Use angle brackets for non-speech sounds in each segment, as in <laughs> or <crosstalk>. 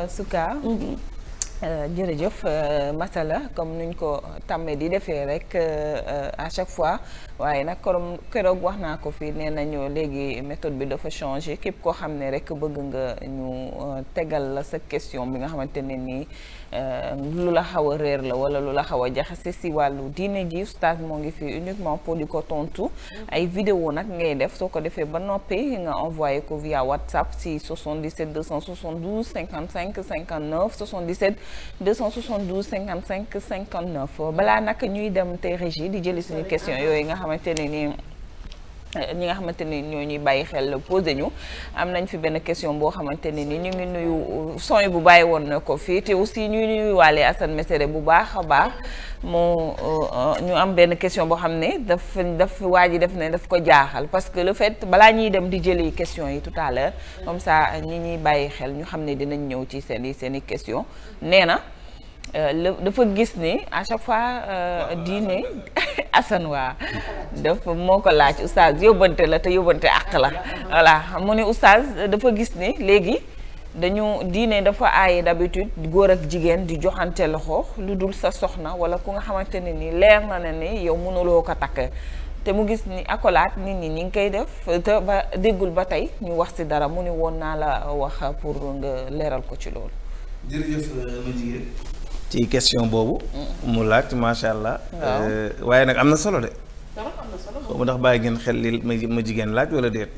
Euh, Souka mhm. euh, jërëjëf euh, masala comme nuñ ko tàmmee di defee rek à chaque fois waaye nag korom keroog wax naa ko fii nee nañu léegi méthode bi dafa changé képp koo xam ne rek bëgg nga ñu tegal la sa question bi nga xamante ne nii lu la xaw a réer la wala lu la xaw a jaxase si wàllu diine ji oustaz moo ngi fi uniquement pour di ko tontu ay vidéo nag ngay def soo ko defee ba noppi nga envoyé ko via whatsapp si 77 272 55 59 77 272 55 59 balaa nag ñuy dem te régie di jëli suñu question yooyu nga xamante ne nii Eh, ñi nga xamante ni ñoo ñuy bàyyi xel posé ñu am nañ fi benn question boo xamante ni ni ñu ngi nuyu son bu bàyyi woon na ko fii te aussi ñuy nuyu waale Assane Mesere bu baax a baax mu euh, ñu am benn question boo xam ne daf daf waa ji def ne daf ko jaaxal parce que le fait balaa ñuy dem di jëli question yi tout à l'heure comme ça ñi ñuy bàyyi xel ñu xam ne dinañ ñëw ci seen i seen question nee na euh, dafa gis ni à chaque fois euh, ah, diine <laughs> Assane waa dafa moo ko laaj oustaz yóbbante la te yóbbante àq la xam mu ne oustaz dafa gis ni léegi dañu diine dafa aaye d'habitude góor ak jigéen di joxante loxo lu dul sa soxna wala ku nga xamante ne nii leer na ne ni yow mënuloo ko takk te mu gis ni accolade nit ñi ñi ngi koy def te ba déggul ba tey ñu wax si dara mu ni woon naa la wax pour nga leeral ko ci loolu ci question boobu. mu laaj macha allah. Euh, waaye nag am na solo de. xaw ma ndax bàyyi ngeen xel li ma jigéen laaj wala déet.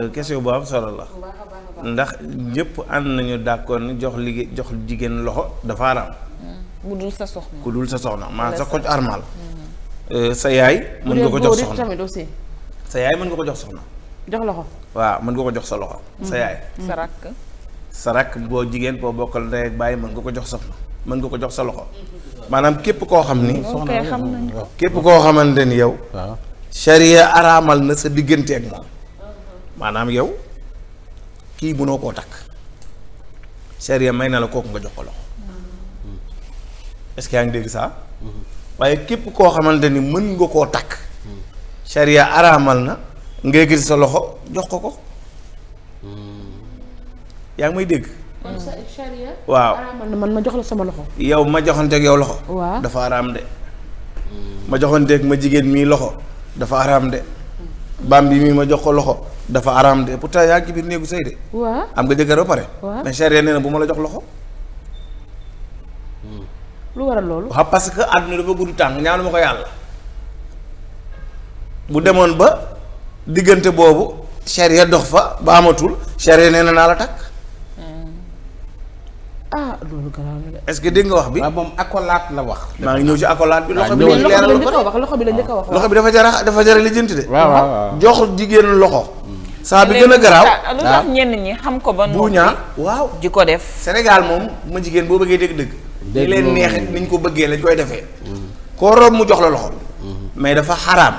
Euh, question bu am solo la. ndax ñëpp ànd nañu d'accord ni jox liggéey jox jigéen loxo dafa araam. Hmm. bu sa soxna ku dul sa soxna maanaam sa ko armal. Hmm. Euh, sa yaay mën nga ko jox soxna sa yaay mën nga ko jox soxna. jox loxo. waaw mën nga ko jox sa loxo. sa hmm. yaay. sa rakk. sa rakk boo jigéen boo bokkal ndey ak bàyyi mën nga ko jox soxna. mën nga ko jox sa loxo maanaam képp koo xam ni képp koo xamante ni yow sariya araamal na sa diggante ak moom maanaam yow kii mënoo koo takk sariya may na la kooku nga jox ko loxo est-ce que yaa ngi dégg saa waaye képp koo xamante ni mën nga koo takk sariya araamal na nga yëkkati sa loxo jox ko ko yaa ngi may dégg kon waaw araamal na man ma jox la sama loxo. yow ma joxanteeg yow loxo. dafa araam de. ma joxanteeg ma jigéen mii loxo dafa araam de. bam bi mii ma jox ko loxo dafa araam de pourtant yaa ngi ci néegu sëy de. am nga jëkkër ba pare. mais charia nee bu ma la jox loxo. lu waral loolu. waaw parce que àdduna dafa gudd tàng ñaanu ma ko yàlla. bu demoon ba diggante boobu charia dox fa ba amatul charia nee na naa la takk. ah loolu garaaw na de. est-ce que dégg nga wax bi. moom accolade la wax. maa ngi ñëw ci accolade bi. loxo bi a wax loxo bi la njëkk a dafa jara dafa jara lijjanti de. waaw waaw jox jigéen loxo. saa bi gën a garaaw ah, lu tax ñenn ñi xam ko ba. bu ñaa waaw ji ko def. senegal moom ma jigéen boo bëggee dégg-dëgg. dégg leen neex ni ñu ko bëggee lañ koy defee. koo rob mu jox la loxo. Mm-hmm. mais dafa xaraam.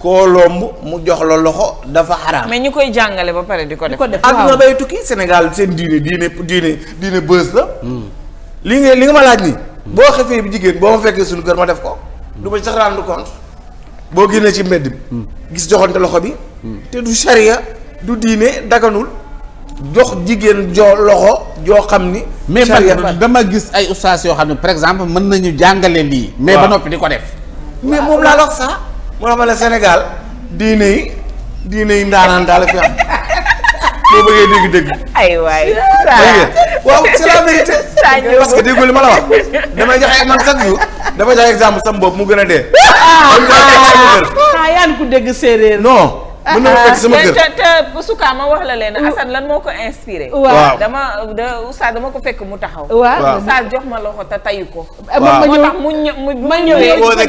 koo lomb mu jox la loxo dafa xaraam. mais ñu koy jàngale ba pare di ko def. àdduna bay tukki Sénégal seen diine diine diine diine bës la. li nga li nga ma laaj nii. boo xefee bi jigéen boo ma fekkee suñu kër ma def ko. du ma sax rendre boo génnee ci mbedd bi. gis joxante loxo bi. te du charia du diine daganul. jox jigéen jo loxo joo xam ni. mais man dama gis ay ustaas yoo xam ne par exemple mën nañu jàngale lii. mais ba noppi di ko def. mais moom laa wax sax. moo tax ma ne Sénégal diine yi diine yi ndaanaan daal fi am boo bëggee dégg-dégg. ay waay waaw c'est la vérité. parce que déggoo li ma la wax damay joxe man chaque jour damay joxe exemple sam bopp mu gën a dee. ah, ah. ah yaa ngi ko dégg séeréer. non. mën na fekk sama <laughs> kër te te sukaa ma wax la leen Assane lan moo ko inspiré. waaw dama de Oustaz dama ko fekk mu taxaw. waaw Oustaz jox ma loxo te tayu ko. waaw moo tax mu ma ñëwee. voilà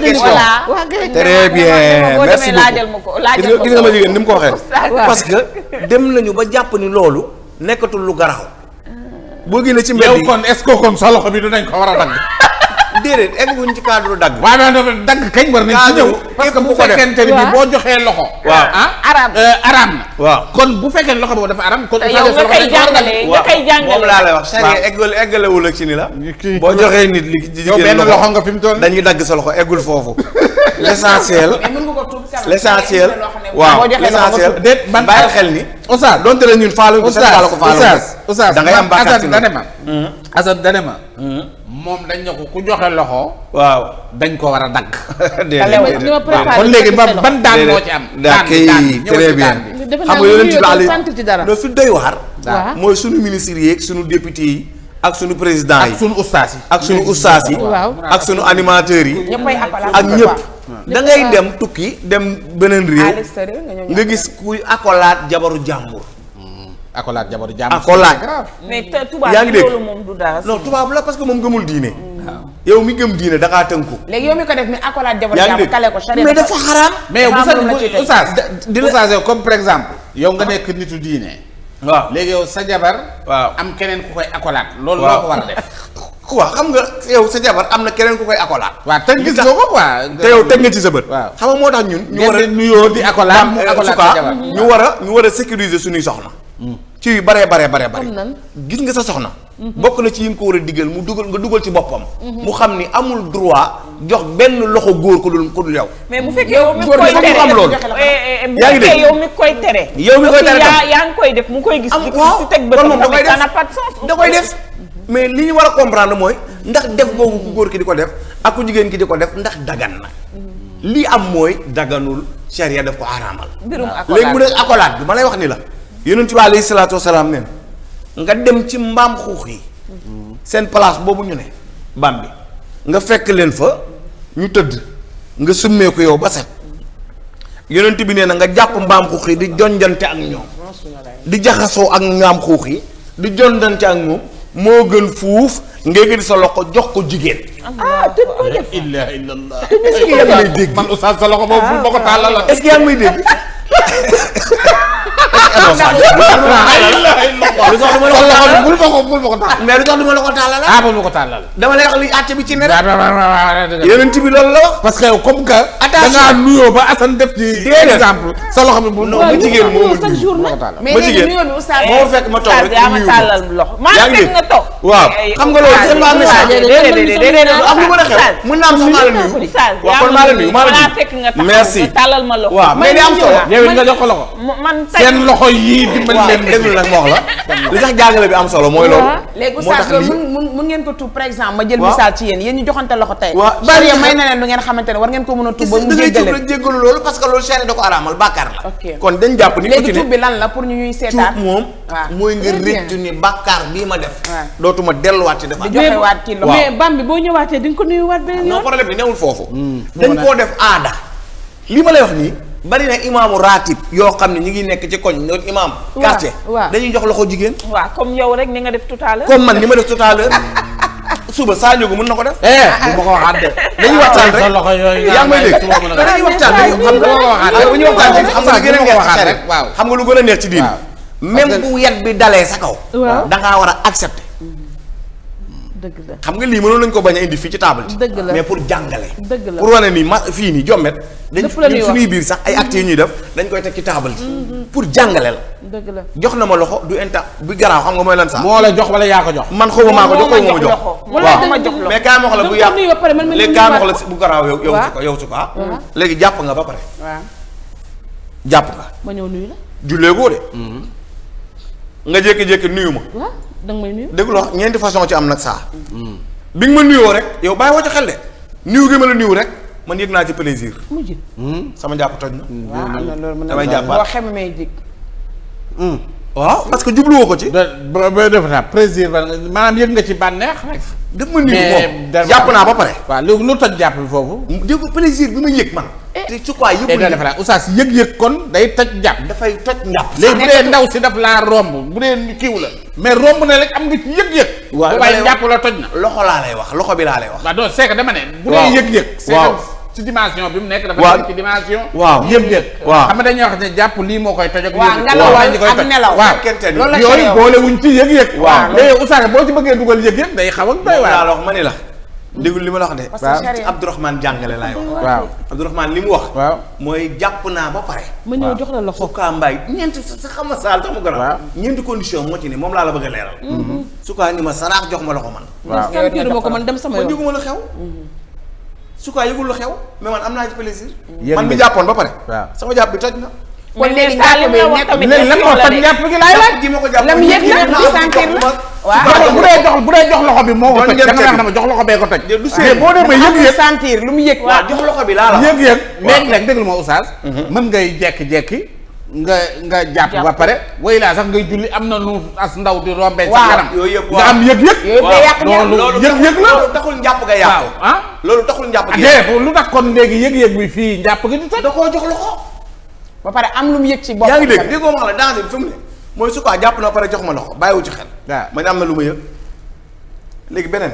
très bien merci beaucoup ma ko gis nga ma jigéen ni parce que dem nañu ba jàpp ni loolu nekkatul lu garaaw. Ah. boo génnee ci mbedd yi yow kon sa loxo bi nañ ko war a dagg. <laughs> déedéet egguñ ci cadre dagg. waaw non dagg kañ war nañ ci ñëw. parce que bu fekkente ni boo joxee loxo. waaw ah araam euh, na. waaw kon bu fekkee loxo boobu dafa araam. kon bu fekkee loxo dafa jàngale nga koy jàngale moom laa lay wax. waaw c'est eggale ci ni la. boo joxee nit li ci jigéen benn loxo nga fi mu toll dañuy dagg sa loxo eggul foofu. <laughs> l'essentiel l'essentiel waaw l'essentiel déet ban bàyyi xel ni. Oustaz donte la ñun faalu. Oustaz Oustaz Oustaz da ngay am bàkkaar danema hmm. Assane danema hmm. moom dañ ne ko ku joxe loxo. waaw dañ ko war a dagg. <laughs> kon léegi ban daan moo ci am. daan bi très bien. xam nga yonent bi ali no fi doy waar. mooy sunu ministres yi suñu sunu député yi. ak sunu président yi ak sunu ustaas yi. ak suñu ustaas yi. ak sunu animateurs yi. ak ñëpp. da ngay dem tukki dem beneen réew. nga gis kuy akolaat jabaru jàmbur. Hmm. akolaat jabaru jàmbur. akolaat mais tubaab bi loolu moom du dara. non tubaab la parce que moom gëmul diine. Hmm. yow mi gëm diine da ngaa tënku. léegi yow mi ko def ni akolaat jabaru jàmbur kale ko. mais dafa xaraam. mais bu sa bu oustaz comme par exemple. yow nga nekk nitu diine. waaw léegi yow sa jabar. waaw am keneen ku koy akolaat. loolu loo ko war a def. <laughs> quoi xam nga yow sa jabar am na keneen ku koy accolade. waaw te gis nga ko quoi. te yow teg nga ci sa bët. waaw moo tax ñun. ñu war a nuyoo di accolade. ñu war a ñu war a sécuriser suñuy soxna. Hmm. ci yu baree baree baree bare gis nga sa soxna. Hmm. bokk na ci yi nga ko war a digal mu dugal nga dugal ci boppam. Hmm. mu xam ni amul droit jox benn loxo góor ko dul ko dul yow. mais bu fekkee yow mi koy tere am loolu. Eh, eh, eh, yaa ngi dégg yow mi koy tere. yow mi koy tere yaa ngi koy def mu koy gis. am waaw koy def da koy def. mais li ñu war a comprendre mooy ndax def googu ku góor ki di ko def ak ku jigéen ki di ko def ndax dagan na mm-hmm. li am mooy daganul charia def ko araamal léegi mu ne accolade bi ma wax ni la yonent bi alayhi salaatu wasalaam neen nga dem ci mbaam xuux yi mm-hmm. seen place boobu ñu ne mbaam bi nga fekk leen fa ñu tëdd nga summee yow ba set yonent bi nee na nga jàpp mbaam xuux yi di jonjante ak ñoom di jaxasoo ak mbaam xuux yi di jonjante ak moom moo gën fuuf nga gën sa loxo jox ko jigéen. ah te ko def ilaaha illallaah. est-ce que sa loxo boobu bu ma ko tàllal la. est dégg. <laughs> énoo sax. lu tax du ma la ko tàllal bul ma la ko li àtte bi ci ne rek. yeneen nga a jox ko loxo. seen loxo loxo yii dimbali leen déglu nag moox la <laughs> li tax jàngale bi am solo mooy loolu léegi oustaz loolu mun mun ngeen ko tuub par exemple ma jël misaal ci yéen yéen ñu joxante loxo tey waaw a tuub la kon dañ jàpp ni léegi tuub la pour ñu ñuy seetaat moom mooy nga rëccu ni bàkkaar bii ma def dootuma delluwaat ci defaat di joxewaat ci loxo mais bam bi boo ñëwaatee di ko nuyuwaat beneen ah, yoon newul foofu hmm. dañ koo def aada li ma lay wax nii bari na imaamu raatib yoo xam ne ñu ngi nekk ci koñ ñoom imaam. quartier dañuy jox loxo jigéen. waaw comme yow rek ni nga def tout à l'heure comme man ni ma def tout à <laughs> suba saa ñëw mën na ko def. Eh, eh, bu ma ko waxaat de. dañuy waxtaan rek loxo yooyu yaa ngi may dégg dañuy waxtaan rek xam nga xam nga lu gën a neex ci xel rek xam nga lu gën a neex ci diin même bu yet bi dalee sa kaw. da ngaa war a dëgg xam nga lii mënoon nañu ko bañ a indi fii ci table ji. la mais pour jàngale. dëgg la pour wane ni ma fii nii jommet. dañ ñun suñuy biir sax ay actes yi ñuy def dañ koy teg ci table ji. Mm-hmm. pour jàngale la. dëgg la jox na ma loxo du inta bi garaaw xam nga mooy lan sax. moo la jox wala yaa ko jox. man ko jox xaw ma ma jox. wala ma jox loxo mais kaay ma wax la bu yàq léegi kaay ma wax la bu garaaw yow. yow su ko ah. léegi jàpp nga ba pare. waaw jàpp nga. ma ñëw nuyu la. jullee de. Mm-hmm. nga jékki-jékki nuyu ma. danga may nuyu. dégguloo ñeenti façon ci am nag saa. Hmm. bi nga ma nuyoo rek yow bàyyi woo ci xel de nuyu gi ma la nuyu rek man yëg naa ci plaisir. mujj hmm. sama jàpp toj na. Hmm. waaw am na loolu mën na damay jàppaat boo xemee jig. waaw parce que jubluwoo ko ci. ba ba def naa plaisir maanaam yëg nga ci bànneex rek. daf ma nuyu moom jàpp naa ba pare. waa léegi lu toj jàpp foofu. Mm, dégg plaisir bi ma yëg man. Eh. te su quoi yëg ma yëg oustaz kon day toj jàpp. dafay toj njàpp. léegi bu dee ndaw si daf laa romb bu dee kiiw la. mais romb na rek am nga ci yëg-yëg. waaw waaye njàpp la toj na. loxo laa lay wax loxo bi laa lay wax. waaw donc c'est que dama ne. bu dee yëg-yëg. waaw ci dimension bi mu nekk. dafa nekk ci waaw yëpp jàpp lii moo koy toj ak. waaw ngelaw ak nelaw boo ci bëggee dugal yëg-yëg day xaw ak doy ma la. li ma la wax de. parce que Abdourahmane jàngale laay wax. waaw Abdourahmane li wax. waaw jàpp naa ba pare. ma ñëw jox la loxo Souka Mbaye ñeent xam nga saal tax mu gën condition moo ci ne moom laa la bëgg a leeral. Mm-hmm. Souka ni ma saraax jox ma loxo man. waaw yooyu ko man dem sama yoon ma jóguma la xew. Mm-hmm. su ko yëgul lu xew mais man am naa ci plaisir. man mi jàppoon ba pare. waaw sama jàpp bi toj na. kon léegi njàpp ko jàpp lam yëg la di bu dee jox bu dee bi moo ko toj nga dama jox loxo boo demee yëg yëg sentir lu mu yëg. waaw jox loxo bi laa la yëg yëg. waaw léeg-léeg déglu ma oustaz. mën ngay jekki-jekki nga nga jàpp ba pare. way laa sax ngay julli am na nu as ndaw di rombee. sa kanam yooyu yëpp nga am yëg-yëg. loolu yëg-yëg la loolu taxul njàpp nga yàq. ah loolu taxul njàpp nga ah, yàq. lu tax kon léegi yëg-yëg bi fii njàpp nga di toj. da koo jox loxo. ba pare am lu mu ci boppam. yaa ngi dégg déggoo ma la danger bi fi mu ne mooy su jox ma loxo bàyyiwu ci xel. waaw man am na lu ma yëg. léegi beneen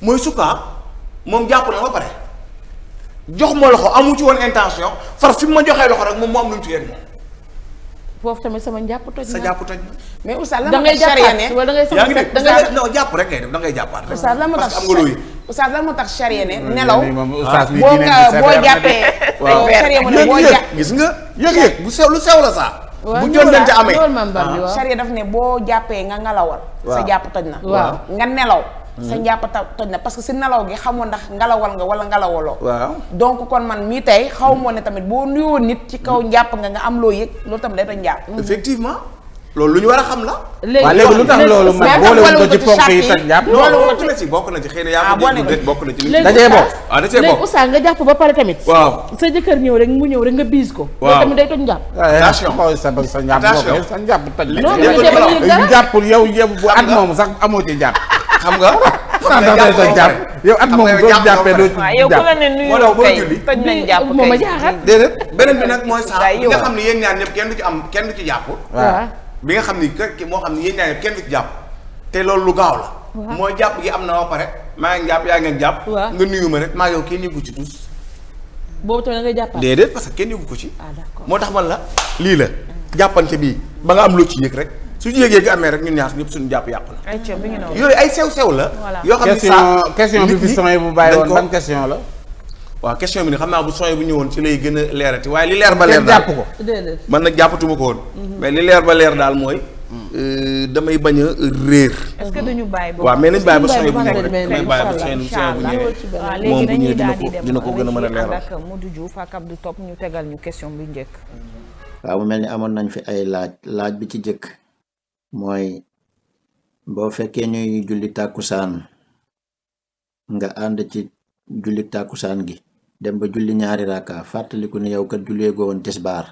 mooy su ko moom jàpp na ba pare jox ma loxo amu ci woon intention far fi ma joxee loxo rek moom mu am lu mu ci yëg moom foofu tamit sama jàpp toj. sa jàpp toj. mais oustaz lan moo tax charia ne da ngay jàppaat da ngay non jàpp rek ngay ngay jàppaat rek. oustaz lan moo tax oustaz lan tax charia ne nelaw boo nga boo jàppee. waaw charia mu ne boo jàpp gis nga yëg-yëg bu sew lu sew la saa. bu ñoom dañ ca amee ah. waaw charia daf ne boo jàppee nga ngalawal. sa jàpp toj na. waaw nga nelaw. sa njàpp ta toj na parce que si nelaw gi xamoo ndax ngelawal nga wala ngelawaloo waaw donc kon man mii tey xaw moo ne tamit boo nuyoo nit ci kaw njàpp nga nga am loo yëg loolu tamit day mm-hmm. loolu lu ñu war a xam la waaw léegi lu tax loolu man boolewuñ ko ci ponk yi toj njàpp bokk na ci bokk na ci ko ah, dégg bokk na ci li ah, toj njàpp ah, eh, sa njàpp toj njàpp yow yow bu at moom sax amoo ci njàpp xam nga. xam nga jàpp nga jàpp yow at moom boo jàppee doo ci ne nuyu kay toj nañ jàpp kay a jaaxal déedéet <laughs> bi nga xam ne yéen ñaar ñëpp kenn du ci am kenn du ci jàpp. bi nga xam ni que moo xam ne yën ñaar ñëpp kenn du ci jàpp te loolu lu gaaw la. mooy jàpp gi am na ba pare maa ngi jàpp yaa ngeen jàpp. nga nuyu ma rek maa yow kenn yëgu ci tous. boobu tamit da ngay jàppale. déedéet parce que kenn yëgu ko ci. Ah, moo tax man la lii la jàppante bi ba nga am loo ci yëg rek su yéeg-yéeg amee rek ñun ñaar ñëpp suñu jàpp yàqu na yooyu ay sew-sew la yoo xam ne saa question bi fi soñ bu woon ban question la waaw question bi ni xam naa bu soñ bu ñëwoon ci lay gën a leerati waaye li leer ba leer daal ko man na jàppatuma ko mhm. mais li leer ba leer daal mooy mhm. euh, damay bañ a réer. est-ce bàyyi ba. waaw mais nañ bàyyi ba soñ bu ñëwee rek nañ moom bu ñëwee dina ko dina ko gën a mën a leeral ak Modou Diouf ak Abdou Top ñu tegal ñu question bu njëkk waaw mel ni amoon nañ fi ay laaj laaj bi ci jëkk mooy boo fekkee ñuy julli tàkkusaan nga ànd ci julli tàkkusaan gi dem ba julli ñaari raaka fàttaliku ne yow kat jullee goo woon tisbaar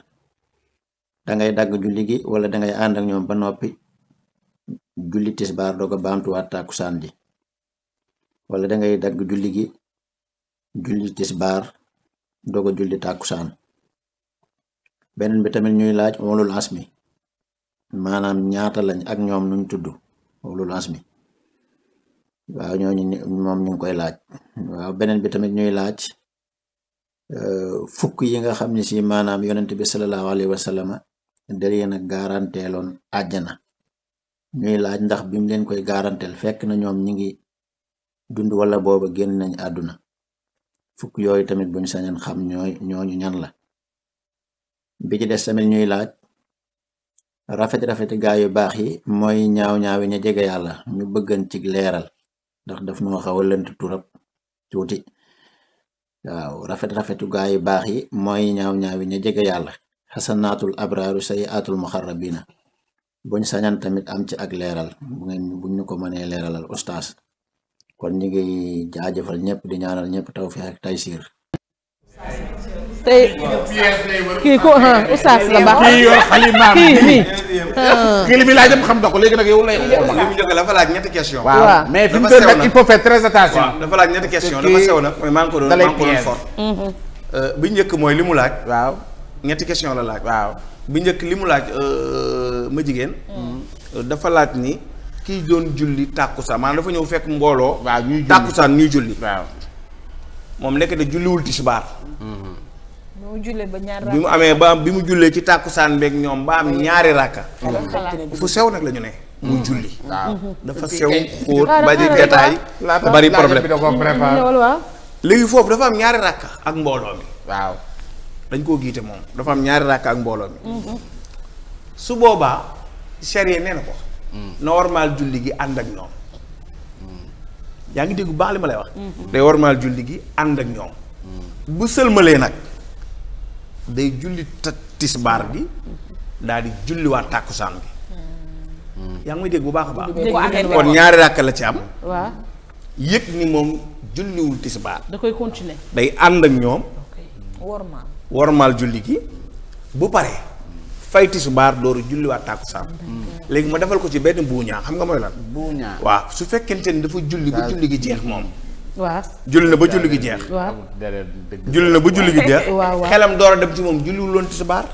dangay dagg julli gi wala dangay ànd ak ñoom ba noppi julli tisbaar doo ko baamtuwaat tàkkusaan wala dangay dagg julli gi julli tisbaar doo julli tàkkusaan beneen bi tamit ñuy laaj ulul mi maanaam ñaata lañ ak ñoom nuñ tudd ulul azmi waaw ñooñu moom ñu ngi koy laaj waaw beneen bi tamit ñuy laaj euh, fukk yi nga xam ne si maanaam yonent bi sallallahu alayhi wa sallam daleen a garanteeloon àjjana ñuy laaj ndax bi leen koy garanteel fekk na ñoom ñi ngi dund wala booba génn nañ àdduna fukk yooyu tamit buñ sañan xam ñooy ñooñu ñan la bi ci des tamit ñuy laaj rafet rafeti gaa yu baax yi mooy ñaaw ñaaw yi ñu jege yàlla ñu bëggan cig leeral ndax def noo xaw a lënt turab tuuti waaw rafet rafetu gaa yu baax yi mooy ñaaw ñaaw yi ñu jege yàlla xasanaatul abraaru sayiaatul muxarrabiina buñ sañan tamit am ci ak leeral bu ngeen buñ ñu ko mënee leeralal ustaas kon ñu ngi jaajëfal ñëpp di ñaanal ñëpp taw ak taysiir tey kii ko ah oustaz la baax kii yor xalimaam kii kii li muy xam na ko léegi nag yow lay xool. li mu jógee dafa laaj ñetti question waaw mais fi mu doon nag il faut faire très attention. dafa laaj ñetti question dafa sew nag. maa ngi ko mhm. euh, bi njëkk mooy li mu laaj. waaw ñetti question la laaj. waaw bi njëkk li mu laaj euh, ma jigéen. Mhm. dafa laaj ni kii doon julli tàkkusaan maanaam dafa ñëw fekk mbooloo. waaw ñuy julli tàkkusaan ñuy julli. waaw moom nekk de julliwul tisbaar. Mhm. bi mu amee ba am bi mu jullee ci tàkkusaan beeg ñoom ba am ñaari ràkka fu sew nag la ñu ne muy mm-hmm. julli mm-hmm. dafa sew xóot ba di détail bari problème mm-hmm. léegi foofu dafa am ñaari ràkka ak mbooloo mi koo giite moom dafa am ñaari ràkka ak mbooloo su boobaa charia nee na ko mm. normal julli gi ànd ak ñoom mm. yaa ngi dégg baax li ma lay wax day normal julli gi ànd ak ñoom mm. bu sëlmalee nag day julli tisbaar bi daal di julliwaat tàkkusaan bi yaa ngi may dégg bu baax a baax kon ñaari ràkk la ci am waaw yëg ni moom julliwul tisbaar da koy continuer day ànd ak ñoom wormaal wormaal julli gi bu paree fay tisbaar dooru julliwaat tàkkusaan mm. léegi ma defal ko ci benn buuñaa xam nga mooy lan buuñaa su fekkente ni dafa julli bu julli gi jeex moom waaw julli na ba julli gi jeex. waaw julli na ba julli gi jeex. xelam door a dem ci moom julliwul woon tisbaar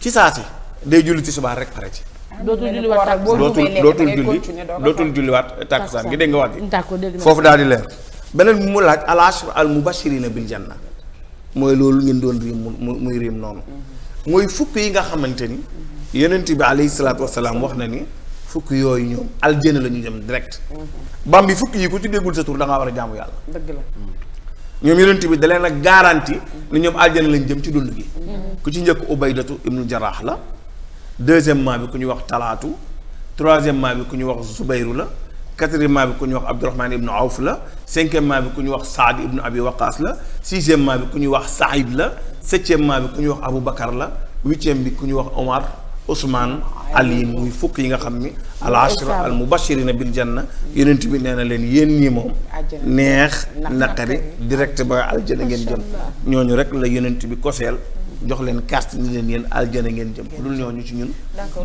ci saa si day julli tisbaar rek pare ci. dootul julliwaat tàkk dootul dootul julli dootul julliwaat tàkkusaan gi dégg nga wax gi foofu daal di leer beneen bi mu laaj al ashru al mubashirina bil na mooy loolu ngeen doon riim mu muy riim noonu mooy fukk yi nga xamante ni yonent bi alayhi salaatu wasalaam wax na ni fukki yooyu ñoom aljana la ñu jëm direct bam bi fukki yi ku ci déggul sa tur da ngaa war a jaamu yàlla dëgg la ñoom yonent bi da leen a garanti ne ñoom aljana lañ jëm ci dund gi mm-hmm. ku ci njëkk ubaydatu ibnu jaraax la deuxièmement bi ku ñu wax talaatu troisièmement bi ku ñu wax zubayru la quatrièmement bi ku ñu wax abdurahmaan ibnu awf la cinquièmement bi ku ñu wax saad ibnu abi waqaas la sixièmement bi ku ñu wax saïd la septièmement bi ku ñu wax abou bakar la huitième bi ku ñu wax omar Ousmane Ali muy fukk yi nga xam ni al ashra al mubashirina bil janna yonent bi nee na leen yéen ñi moom neex naqari direct ba aljana ngeen jëm ñooñu rek la yonent bi koseel jox leen carte ni leen yéen aljana ngeen jëm dul ñooñu ci ñun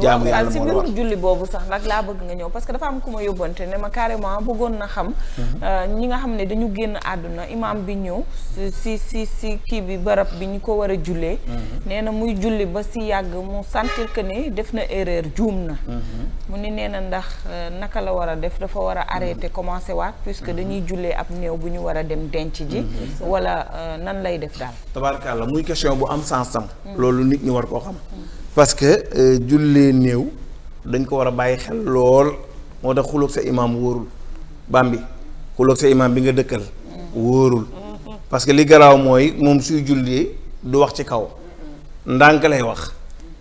jaamu yàlla si mbirum julli boobu sax nag laa bëgg nga ñëw parce que dafa am ku ma yóbbante ne na xam mhm. euh, ñi nga xam ne dañu génn àdduna imaam bi ñëw si si si kii bi barab bi ñu ko war a jullee mhm. nee na muy julli ba si yàgg mu sentir que ne def na erreur juum na mhm. mu ni nee na ndax euh, naka la war a def dafa war a arrêter commencer waat puisque dañuy jullee ab néew bu ñu war a dem denc ji wala euh, nan lay def daal tabaarkalla muy question bu am sens importance loolu nit ñu war koo xam parce que euh, jullee néew dañ ko war a bàyyi xel lool moo tax xuloog sa imaam wóorul bambi xuloog sa imaam bi nga dëkkal wóorul parce que li garaaw mooy moom suy jullee du wax ci kaw ndànk lay wax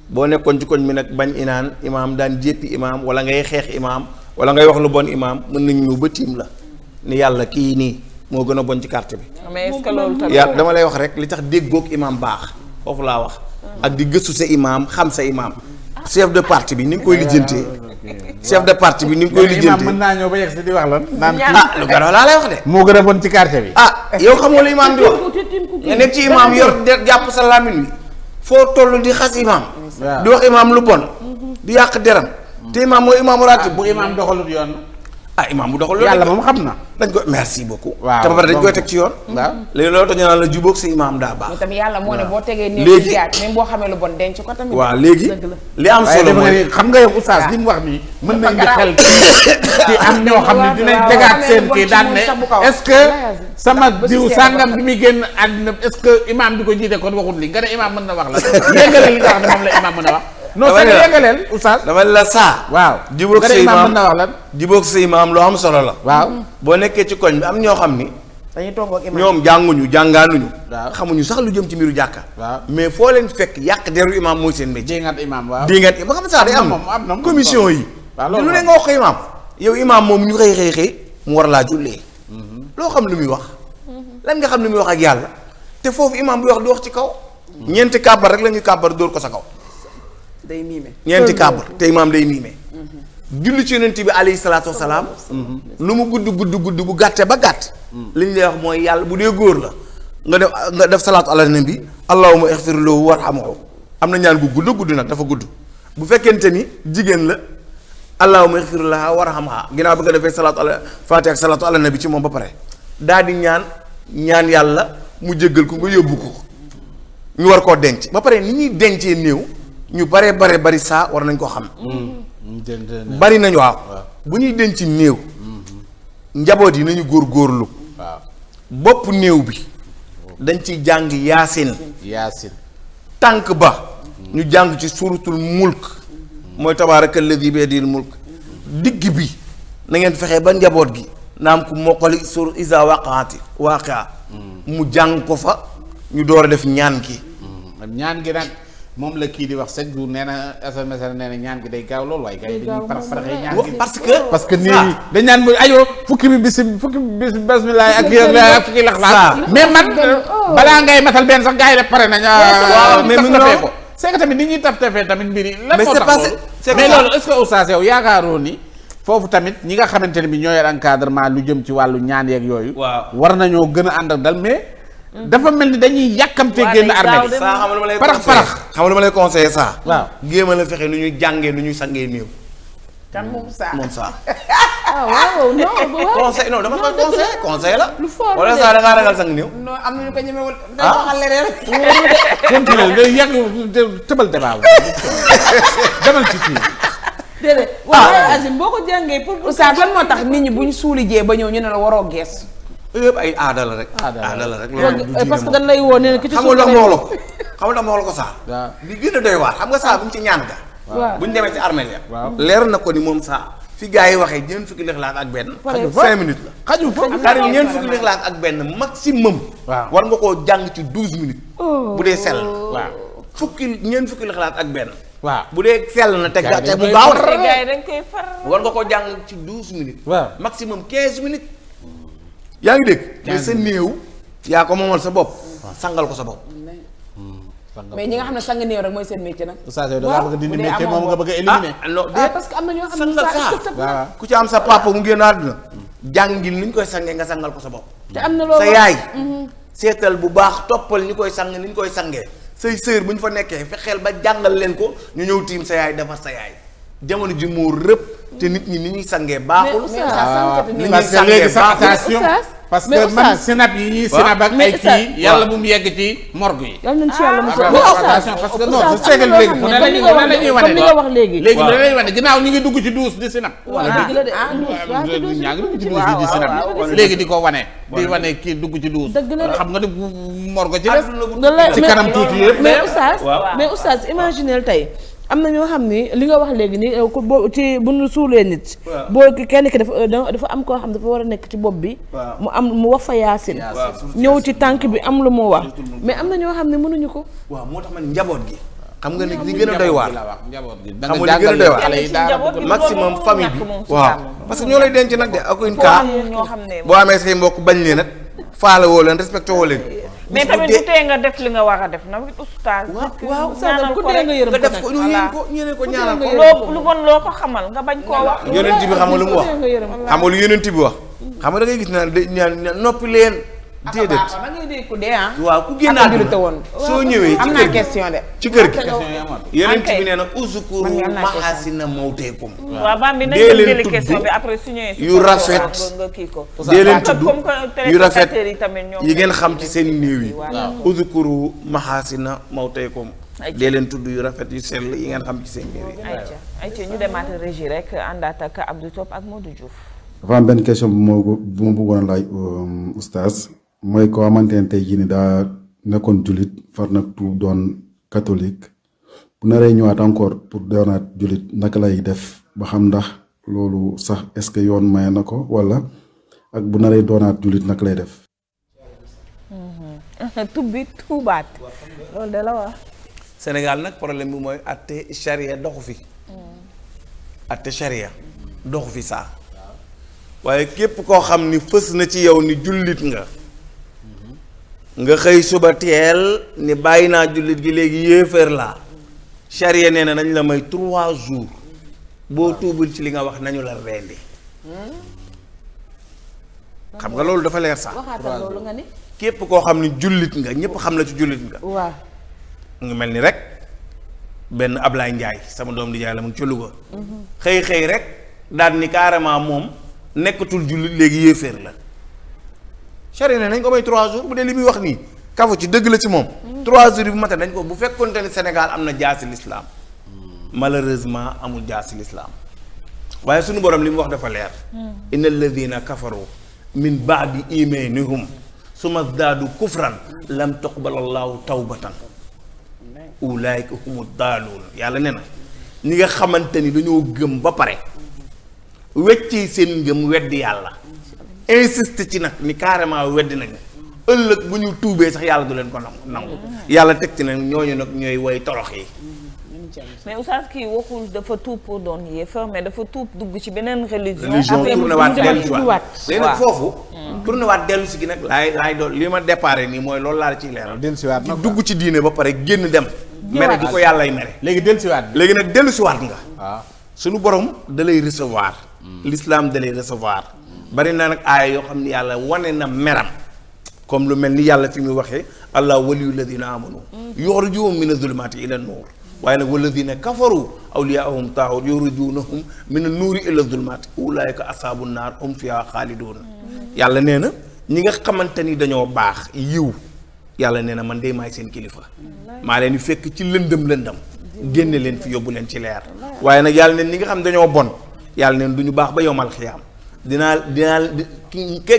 boo nekkoon ci koñ mi nag bañ inaan imaam daan jéppi imaam wala ngay xeex imaam wala ngay wax lu bon imaam mën nañ ñëw ba tiim la ni yàlla kii nii moo gën a bon ci carte bi. mais dama lay wax rek li tax déggoog imaam baax. foofu laa wax. ak di gëstu sa imaam xam sa imaam. chef de parti bi ni nga koy lijjantee. chef de parti bi ni nga koy lijjantee imaam naa ñëw ba yegg ah, lu garaaw laa lay wax de. moo gën a bon ci quartier bi. ah yow xam nga lu imaam di wax nga nekk ci imaam yor jàpp sa làmmiñ wi foo toll di xas imaam. di wax imaam lu bon. di yàq deram te imaam mooy imaam ratib ah, bu imaam doxalut yoon. ah imaam bu doxal loolu yàlla moom xam na dañ ko merci beaucoup waaw te ba pare dañ koy teg ci yoon waaw hmm. léegi loolu tax ñu naan la jubóog sa imaam daa baax tamit yàlla moo ne boo tegee néew ci jaaj même boo xamee lu léegi li am solo mooy xam nga yow oustaz ah. li mu wax nii mën nañ di xel ci am ñoo xam ne <laughs> dinañ tegaat seen kii daan ne est-ce que sama diw sàngam bi muy génn àddina est-ce que imaam bi ko jiite kon waxut li nga ne imaam mën na wax la léegi <laughs> li nga wax ne moom la imaam mën a wax non sa nga dama la saa waaw jubóog say maam na wax lan jubóog maam loo am solo la waaw boo nekkee ci koñ bi am ñoo xam ni dañuy toog ak imam ñoom jànguñu jàngaanuñu xamuñu sax lu jëm ci mbiru jàkka waaw mais foo leen fekk yàq deru imam mooy seen métier dingat imam waaw dingat ba xam saa day am am commission yi lu ne nga wax ko imam yow imam moom ñu xëy xëy xëy mu war laa jullee mhm. loo xam lu muy wax mhm. lan nga xam lu muy wax ak yàlla te foofu imam bi wax du wax ci kaw mhm. ñeenti kàbbar rek la ñuy kàbbar dóor ko sa kaw day miime ñeenti kàbbar tey maam day miime mhm. julli ci yonent bi alayhi salaatu wasalaam mhm. lu mu gudd gudd gudd bu gàtte ba gàtt mhm. li ñu lay wax mooy yàlla bu dee góor la nga def nga def salaatu ala nabi allahumma ighfir lahu warhamhu am na ñaan gu gudd gudd nag dafa gudd bu fekkente ni jigéen la allahumma war laha warhamha ginnaaw bi nga defee salaatu ala faatiha ak salaatu ala nabi ci moom ba pare daal di ñaan ñaan yàlla mu jéggal ko nga yóbbu ko ñu war koo denc ba pare ni ñuy dencee néew ñu bare bare bari saa war nañ ko xam. Mm. Mm, bari nañu waaw bu ñuy denc néew. Mm-hmm. njaboot yi nañu góor góorlu bopp néew bi. dañ ci jàng yaasin. yaasin tànk ba. Mm. ñu jàng ci suuratul mulk. mooy tabaaraka alladi bi yadil mulk. digg bi nangeen fexe ba njaboot gi naam ku mokkali sur isa waqaati waaqaa mu jàng ko fa ñu door a def ñaan gi. moom la kii di wax chaque jour nee na SMS nee ñaan gi day gaaw lool waaye gars yi dañuy farax faraxee ñaan gi parce que parce que nii dañ naan bu ayoo fukki bi bis fukki bis bismillah ak ak mais man euh, balaa ngay matal benn sax gars yi def pare nañ ah, waaw mais mu ngi ko c'est tamit nit ñuy taf tafee tamit mbir yi lan moo tax mais loolu est-ce que oustaz yow yaakaaroo ni foofu tamit ñi nga xamante ne bi ñoo yor encadrement lu jëm ci wàllu ñaan yeeg yooyu war nañoo gën a ànd ak dal mais dafa mel ni dañuy yàkkamte génn armée bi parax parax xam nga lu ma lay conseillé saa waaw géema la fexe nu ñuy jàngee nu ñuy sangee néew kan moom saa moom saa <laughs> ah waaw non <laughs> conseil non dama koy conseil conseil la wala saa da ngaa ragal sang néew non am nañu ko ñemewul ah? dañ <laughs> ah. boo ko jàngee pour saa lan moo tax nit ñi buñ suulijee ba ñëw ñu ne la waroo gees yëpp ay aada la rek. aada la rek loolu parce que dañ lay woo nee na ki ci suuf xam nga ndax moolo ko xam nga ndax moolo ko saa. waaw li gën a doy waar xam nga saa bu ñu ci ñaan ga. waaw bu ñu demee ci armeel ya. leer na ko ni moom saa. fi gars yi waxee ñeent fukki lixlaas ak benn. xaju fa cinq minutes la. xaju fa c'est-à-dire ñeent fukki lixlaas ak benn maximum. waaw war nga koo jàng ci douze minutes. Oh. bu dee sell. waaw fukki ñeent fukki lixlaas ak benn. waaw bu dee sell na. teg te mu gaaw na. gars yi dañ koy far war nga koo jàng ci douze minutes. waaw maximum quinze minutes. yaa ngi dégg. mais sa néew. yaa ko moomal sa bopp. sangal ko sa bopp. Hmm. mais ñi nga xam ne sang néew rek mooy seen métier a dindi métier moom nga bëgg a ah, éliminer. ah, ah parce na ñoo xam ne saa ku ci am sa papa mu génn àdduna. jàngil ni ñu koy sangee nga sangal ko sa bopp. te am na loolu sa yaay. Mm-hmm. seetal bu baax toppal ñu koy sang ni ñu koy sangee. say sœur bu ñu fa nekkee fexeel ba jàngal leen ko ñu ñëw tiim sa yaay defar sa yaay. jamono ji moo rëpp te nit ñi ni ñuy sangee baaxul. mais ah, parce que léegi parce que man sinab yi ñuy sinab ak ay kii yàlla bu mu yegg ci morgue yi. yal nañu ci yàlla ah, mos a. attention parce que non su fekkee léegi. comme ni nga wax ñu ngi dugg ci duus di sinab. waaw dëgg la de ñaa ah, ngi dugg ci duus di sinab léegi di ko wane. di wane kii dugg ci duus. dëgg la de xam nga ni morgue ci des. ci kanam tuuti yëpp mais oustaz mais oustaz imaginel tey am na ñoo xam ni li nga wax léegi ni eh, ku boo ci bu ñu suulee nit. boo kenn ki dafa eh, dafa am koo xam dafa war a nekk ci bopp bi. mu am mu wax fa yaasin. ñëw ci tànk bi am lu mu wax. mais am na ñoo xam ne mënuñu ko. waaw moo tax man njaboot gi. xam nga li gën a doy waar xam nga li gën a doy waar maximum famille bi waaw parce que ñoo lay denc nag de ak une cas boo amee say mbokk bañ leen nag faale woo leen respecté woo leen mais tamit bu tee nga def li nga war a def na oustaz. waaw waaw nga yërëm ko def ko ñu yéen ko ñu ko ñaanal ko. loo lu bon loo ko xamal nga bañ koo wax. yonent bi xam nga lu mu wax xam nga lu yonent bi wax. xam nga da ngay gis naan day ñaan noppi leen di ma ngay dégg ku dee ah. waaw ku génnaat soo ñëwee. am naa question de ci kër gi yeneen bi nee na uzukuru mahasina mawteekum. waaw baam bi nañu jëli question bi après su ñëwee. yu rafet dee leen tudd yu rafet yi ngeen xam ci seen néew yi. uzukuru mahasina mawteekum. dee leen tudd yu rafet yu sell yi ngeen xam ci seen néew rek àndaat ak Abdou Top ak Modou Diouf. dafa am benn question bu ma bu ma laaj euh, oustaz. mooy ko xamante ne tey jii nii daa nekkoon jullit far nag tuub doon catholique bu naree ñëwaat encore pour doonaat jullit nak lay def ba xam ndax loolu sax est-ce que yoon maye na ko walla ak bu naree doonaat jullit naka lay def. Mm-hmm. <laughs> tub bi tuubaat loolu de la wax. Sénégal nag problème bi mooy atte charia doxu fi. Mm. atte charia doxu fi saa. waaye képp koo xam ni fës na ci yow ni jullit nga. nga xëy suba teel ni bàyyi naa jullit gi léegi yéeféer la charia nee na nañ la may trois jours boo tuubul ci li nga wax nañu la rendi xam nga loolu dafa leer sax képp koo xam ni jullit nga ñépp xam na ci jullit nga waaw nga mel ni rek benn Ablaye Ndiaye sama doom di jaay la mu ci ca Louga mhm. xëy xëy rek daal ni carrément moom nekkatul jullit léegi yéeféer la charia ne nañ ko may trois jours bu dee li muy wax nii kafu ci dëgg la ci moom trois jours yi bu mate dañ ko bu fekkonte ne Sénégal am na jaasi l'islam malheureusement amul jaasi l'islam waaye suñu borom li mu wax dafa leer inna alladina kafaru min baadi imanihum suma daadu kufran lam tuqbalallahu tawbatan ulaayka humu daaluun yàlla ne na ñi nga xamante ni dañoo gëm ba pare wecci seen ngëm weddi yàlla insiste ci nag ni carrément weddi nag ëllëg bu ñu tuubee sax yàlla du leen ko nangu nangu yàlla teg ci nag ñooñu nag ñooy woy torox yi mais oustaz kii waxul dafa tuub pour doon yéefar mais dafa tuub dugg ci beneen religion religion tourné waat dellu si hmm. dellu si gi nag laay laay doo li ma déparé nii mooy loolu laa la ciy leeral dellu si waat dugg ci diine ba pare génn dem mere di ko yàllay mere léegi dellu si léegi nag dellu si nga waaw ah. suñu borom da lay recevoir lislaam da recevoir bari naa nag aaya yoo xam ne yàlla wane na meram comme lu mel ni yàlla fi muy waxee allah waliyu ladina amanu yuxrijuhum min azulumati ila nuur waaye nag walladina kafaru awliyaahum taaxut yuxrijunahum min nuuri ila zulumati ulaayka asaabu naar hum fiha xaalidoon yàlla nee na ñi nga xamante ni dañoo baax yiw yàlla nee na man de may seen kilifa maa leen di fekk ci lëndëm lëndëm génne leen fi yóbbu leen ci leer waaye nag yàlla neen ñi nga xam dañoo bon yàlla neen du ñu baax ba yowmal xiyaam dinaa dinaa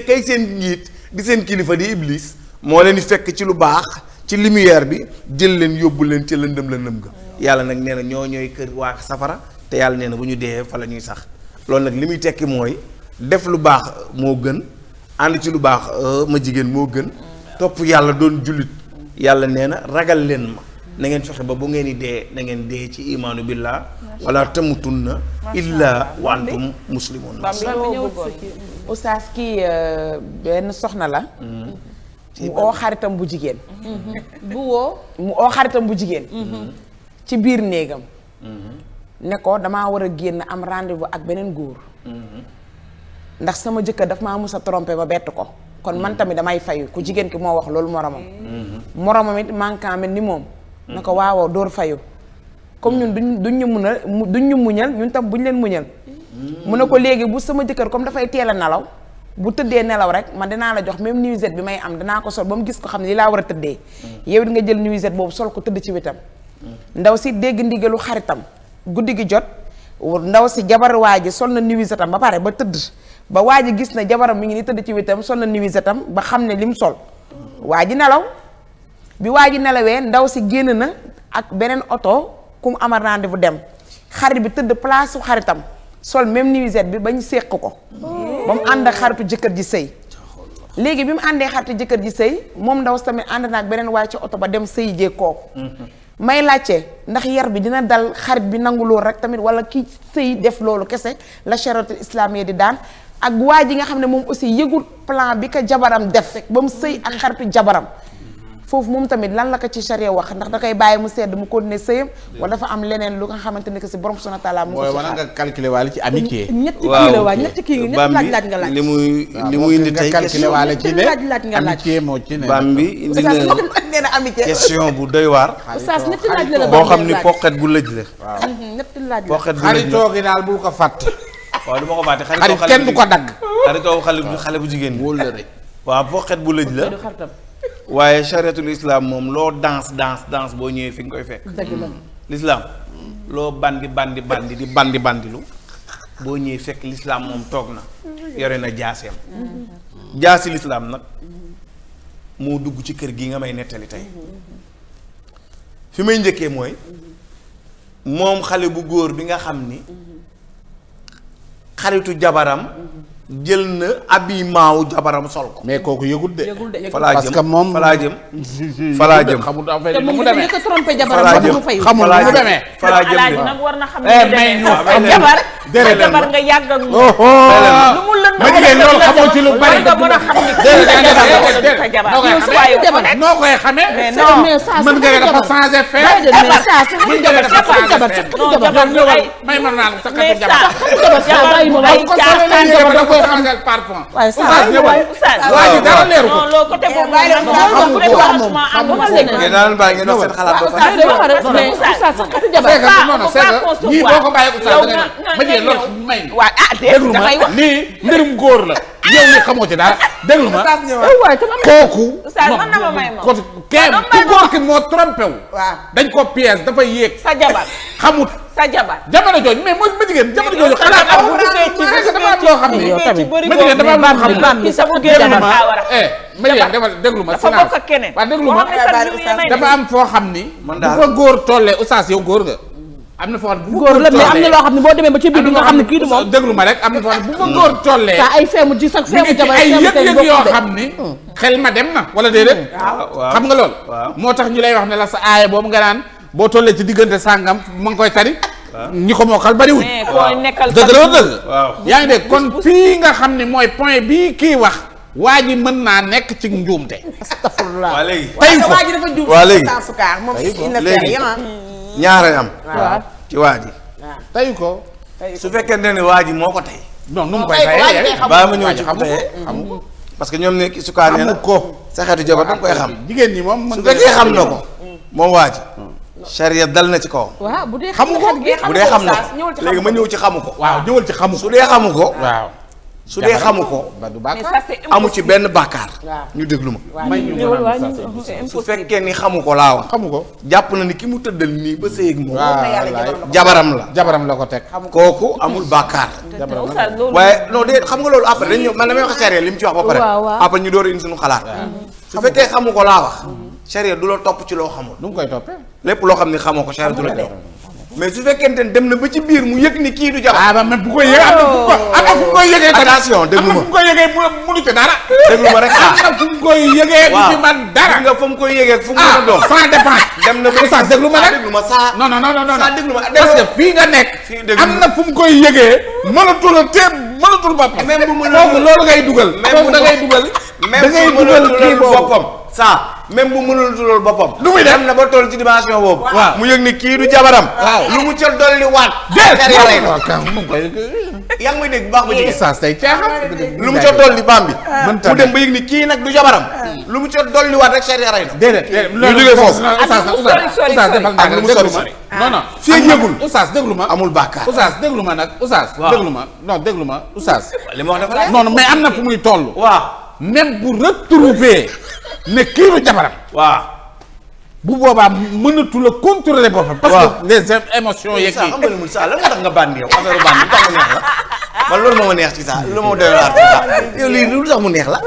kay seen njiit di seen kilifa di iblis moo leen di fekk ci lu baax ci lumière bi jël leen yóbbu leen ci lëndëm lëndëm ga yàlla nag nee na ñoo ñooy kër waa safara te yàlla nee na bu ñu dee fa la ñuy sax loolu nag li muy tekki mooy def lu baax moo gën ànd ci lu baax euh, ma jigéen moo gën topp yàlla doon jullit yàlla nee na ragal leen ma na ngeen fexe ba bu ngeen di dee na ngeen dee ci imaanu billah wala tamutunna illa wa antum muslimun oustaz kii euh, benn soxna la mm-hmm. mm-hmm. mu oo xaritam bu jigéen bu mm-hmm. woo ci biir néegam ne ko damaa war a génn am rendez-vous ak beneen góor ndax sama jëkkër daf maa musa trompé ba bett ko kon man tamit damay fayu ku jigéen ki moo wax loolu moromam moromam it manquant mel ni moom na ko waawoo door fayu comme ñun duñ duñ ñu mun a duñ ñu muñal ñun tam bu ñu leen muñal mm. mu ne ko léegi bu sama jëkkër comme dafay teel a nelaw bu tëddee nelaw rek man dinaa la jox même nuisette bi may am danaa ko sol ba mu gis ko xam ne li laa war a tëddee mm. yow di nga jël nuisette boobu sol ko tëdd ci wetam mm. ndaw si dégg ndigalu xaritam guddi gi jot ndaw si jabar waa ji sol na nuisette ba pare ba tëdd ba waa ji gis na jabaram mi ngi ni tëdd ci wetam sol na nuisette am ba xam ne li mu sol waa ji nelaw bi waa ji nelawee ndaw si génn na ak beneen oto ku mu amal rendez dem xarit bi tëdd place su xaritam sol même nuisette bi ba ñu séq ko ba mu ànd ak xaritu jëkkër ji sëy léegi bi mu àndee xaritu jëkkër ji sëy moom ndaw si tamit ànd na ak beneen waay ci oto ba dem sëy jee kooku may laajte ndax yar bi dina dal xarit bi nangu loolu rek tamit wala ki sëy def loolu kese la chariatul islamiyya di daan ak waa ji nga xam ne moom aussi yëgul plan bi ko jabaram def ba mu sëy ak xaritu jabaram foofu moom tamit lan la ko ci charia wax ndax dakay bàyyi mu sedd mu continuer sëyam wala dafa am leneen lu nga xamante ne que si borom subhanahu wa taala mu ko mën nga calculer waale ci amitié ñetti kii la waa ñetti kii ñetti laaj laaj nga laaj li muy li muy indi tey calculer waale ci ne laaj laaj nga laaj amitié moo ci ne bam bi indi na <laughs> nee na amitié question bu doy waar la la boo xam bu lëj la mm-hmm, laaj la poqet bu lëj la boo ko fàtte <laughs> waaw du ma ko fàtte xaritoo xale kenn du ko dagg xaritoo xale bu jigéen bi waaw poqet bu lëj la waaye chariatul islam moom loo danse danse danse boo ñëwee fi nga koy fekk. dëgg la mm. l'islam loo bandi bandi bandi bandi bandilu boo ñëwee fekk lislaam moom toog na yore na jaaseem mm-hmm. jaasi l'islam nag moo dugg ci kër gi nga may nettali tey mm-hmm. fi may njëkkee mooy moom xale bu góor bi nga xam ni mm-hmm. xaritu jabaram jël na habillement wu jabaram sol ko. mais kooku yëgul de. yëgul de falaa jëm parce que moom falaa jëm. falaa jëm xamul affaire yi nu mu demee te moom dina jabaram ba mu fay. xamul nu mu demee. falaa jëm alaaji nag war na xam ne demee sa jabar. sa jabar nga yàgg ak moom. lu mu lënd ma jigéen loolu xamoo ci lu bari. nga mën a xam ni kii sa jabar kii sa jabar. yow su waayoo jabar noo koy xamee. mais non mën nga jabar am nga par point. waaye Saal waay Saal waay dara leeru ko. non côté boobu la. yow li xamoo ci dara déglu ma kooku. man na ma may ma ku góor ki moo trompé dañ ko pièce dafa yéeg. sa jabar xamut. sa jabar jamono jooju mais mooy ma jigéen jamono jooju xanaa am ma jigéen dafa am loo xam ne a ma jigéen dafa am foo xam ni bu fa góor tollee oustaz yow góor nga am na foo xam ne bu loo xam ne boo demee ba ci biir di nga xam ne kii du moom déglu ma rek am na foo xam ne góor tollee ay feemu ci sax feemu jabar ay yëg-yëg yoo xam ni xel ma dem na wala déedéet xam nga lool moo tax ñu lay wax ne la sa aaya boobu nga naan boo tollee ci diggante sàngam ma ngi koy tari. ñi ko moo mokkal bariwuñ. Eh, dëgg la dëgg. yaa ngi dégg kon fii nga xam ne mooy point bii kii wax. waa ji mën naa nekk ci njuumte. astafurlah waa léegi. tey ko waa ji dafa juum léegi ah. hmm. ñaara am. ci waa ji. tey ko. su fekkee ne waa ji moo ko tey. non nu mu koy tayee ba ma ñëw ci xam tayee parce que ñoom ne su kaa nee na ko sa xeetu jabar da nga koy xam. jigéen ñi moom mën su fekkee xam na ko moom waa ji hmm. charia dal na ci kawam. waaw bu dee xamu ko bu dee xam na ko léegi ma ñëw ci xamu ko. waaw ñëwal ci xamu su dee xamu ko. waaw su dee xamu ko. amu ci benn bàkkaar. ñu déglu ma. su fekkee ni xamu ko laa xamu ko jàpp na ni ki mu tëddal nii ba séyeg moom. jabaram la jabaram la ko teg. kooku amul bàkkaar. waaye non de xam nga loolu après dañ ñëw man damay wax li mu ci wax ba pare. après ñu door a indi suñu xalaat. Mm-hmm. su fekkee xamu ko laa wax. charia mm-hmm. du la topp ci loo xamul. nu mu koy toppee. lépp loo xam ne xamoo ko charia du la jox mais su fekkente ne dem na ba ci biir mu yëg ni kii du jabar. ah man bu ko yëgee am na fu ko yëgee. attention déglu ma am na fu ko yëgee mënu ci dara. déglu ma rek ah am na fu mu koy yëgee. waaw ci man dara nga fa mu koy yëgee fu mu mën a doon. ah ça dépend. dem na ba saa déglu ma rek ah, déglu ma saa. non non non non saa déglu ma parce que fii nga nekk. fii déglu am na fu mu koy yëgee. mënatul a téem. mënatul boppam. même bu mënatul loolu ngay dugal. même da ngay dugal. da ngay dugal kii boppam saa. même bu mënul loolu boppam. lu muy def dem na ba toll ci dimension boobu. mu yëg ni kii du jabaram. waaw lu mu ca dolli waat. déedéet waaw waaw mu koy. yaa ngi may dégg bu baax ah. ba jigéen. saas dem kii nag du jabaram. Ah. lu mu ca dolli waat rek rey na. déedéet déedéet foofu. ak lu mu sori ak lu mu sori sori. Ah. non non fii yëgul oustaz déglu ma amul bàkkaar oustaz déglu ma nag oustaz déglu ma non déglu ma oustaz li ma wax am na fu muy toll waaw même bu retrouver ne kii jabaram waaw bu boobaa mënatu la contrôler boppam parce que les émotions yeeg yi xam nga mu sa lan moo tax nga bandi yow affaire bandi lu mu neex la man loolu ma neex ci sa lu tax mu neex la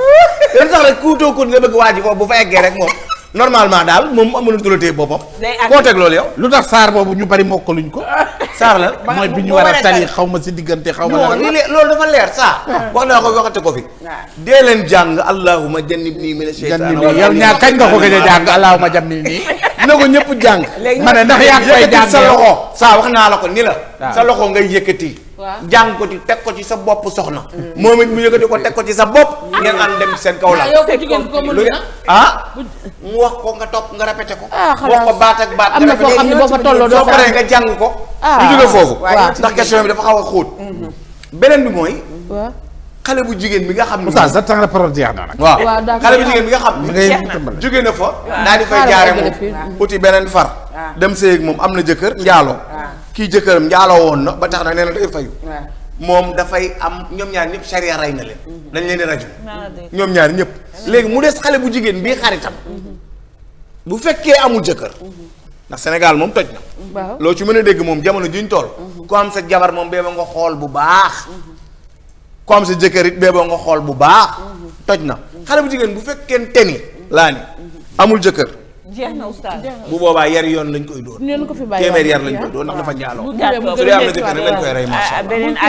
yow lu tax rek kuutoo ko nga bëgg waa ji bu fa eggee rek moom normalement daal moom amul tulatee boppam. day koo teg loolu yow. lu tax saar boobu ñu bari mokkaluñ ko. <laughs> saar la mooy bi ñu war a tari xaw ma si diggante xaw ma. non loolu dafa leer saa ah. wax naa ko waxate ko fi. Ah. dee leen jàng allahumma jannib nii mina shaytaan. yow ñaar kañ nga ko gën a jàng allahumma jannib nii. na ko ñëpp jàng. léegi ma ne ndax sa loxo. saa wax naa la ko ni la. Ah. sa loxo ngay yëkkati. jàng ko ci teg ko ci sa bopp soxna. moom it mu yëkkati ko teg ko ci sa bopp. ngeen ànd dem seen kaw la. ah, ah. ah? mu wax ko nga topp nga répété ko. Ah, wax ko baat ak baat. am na foo xam ne boo fa tolloo doo paree nga jàng ko. ñu jóge foofu. ndax question bi dafa xaw a xóot. Mm-hmm. beneen bi mooy. xale bu jigéen bi nga xam ne. sa temps de parole jeex na nag. waaw xale bu jigéen bi nga xam ne. jóge na fa. daal di fay jaare moom uti beneen far. dem sëy ak moom am na jëkkër njaaloo kii jëkkëram njaaloo woon na ba tax na nee na day fayu moom dafay am ñoom ñaar ñëpp sariya rey na dañ mhm. leen di ñaar ñëpp léegi mu des xale bu jigéen bii xaritam mhm. bu fekkee amul jëkkër mhm. ndax Sénégal moom toj na loo ci mën a dégg moom jamono juñ tool ku am sa jabar moom bee ba nga xool bu baax ku am sa jëkkër it bee ba nga xool bu baax toj na xale bu jigéen bu fekkeen teni laa ni amul jëkkër jeex na oustaz bu boobaa yar yoon lañ koy dóor téeméer yar lañ koy dóor ndax dafa njaaloo su dee am na jëkkër rek lañ koy rey macha ah, ah, allah